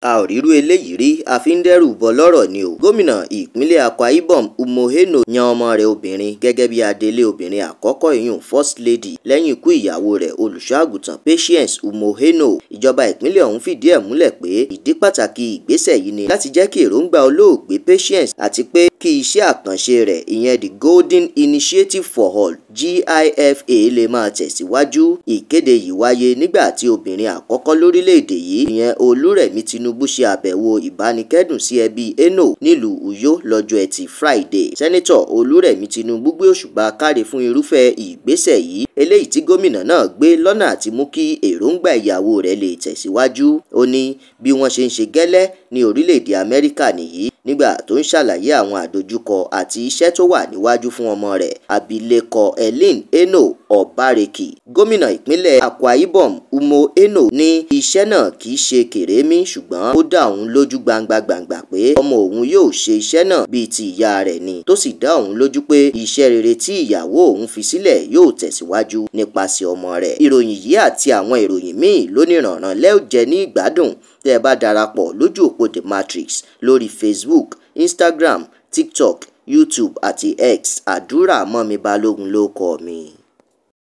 a ò rírú eléyìí rí a fi ń dẹ́rù bọ lọ́rọ̀ ni o. gómìnà ìpínlẹ̀ akwa ibom umoheno yan ọmọ rẹ̀ obìnrin gẹ́gẹ́ bí adelé obìnrin àkọ́kọ́ ìyún first lady lẹ́yìn ikú ìyàwó rẹ̀ olùṣọ́àgùtàn patience umoheno. ìjọba ìpínlẹ̀ ọ̀hún fìdí ẹ̀ múlẹ̀ pé ìdí pàtàkì ìgbésẹ̀ yìí ni láti jẹ́ kí èròǹgbà olóògbé patience àti pé kí iṣẹ́ àkànṣe rẹ̀ ìyẹn the golden initiative for all GIFA lè máa tẹ̀síwájú ìkéde yìí wáyé nígbà tí obìnrin àkọ́kọ́ lórílẹ̀‐èdè yìí ìyẹn Olúrẹ̀mí Tinubu ṣe àbẹ̀wò ìbánikẹ́dùn sí ẹbí Eno nílùú Uyo lọ́jọ́ ẹtì Friday sẹ́nitọ̀ Olúrẹ̀mí Tinubu gbé òṣùbà káre fún irúfẹ́ ìgbésẹ̀ yìí eléyìí tí gómìnà náà gbé lọ́nà àti mú kí èròǹgbà ìyàwó rẹ̀ lè tẹ̀síwájú ó ní bí wọ́n ṣe ń ṣe gẹ́lẹ́ ní orílẹ̀-èdè Amẹ́ríkà nìyí nígbà tó ń ṣàlàyé àwọn àdojúkọ àti iṣẹ́ tó wà níwájú fún ọmọ rẹ̀ abilékọ Helen Eno Obareki gómìnà ìpínlẹ̀ Akwa Ibom Umo Eno ní iṣẹ́ náà kì í ṣe kèrémí ṣùgbọ́n ó dá òun lójú gbangba gbangba pé ọmọ òun yóò ṣe iṣẹ́ náà bíi ti ìyá rẹ̀ ni tó sì dá òun lójú pé iṣẹ́ rere tí ìyàwó òun fi sílẹ̀ yóò tẹ̀síwájú nípasẹ̀ ọmọ rẹ̀ ìròyìn yìí àti àwọn ìròyìn míì lóníranran lẹ́ọ̀jẹ̀ ní ìgbádùn tẹ́ ẹ bá darapọ̀ lójú òpó The Matrix lórí Facebook facebook instagram tiktok youtube àti x àdúrà mọ́mi balógun ló kọ mi.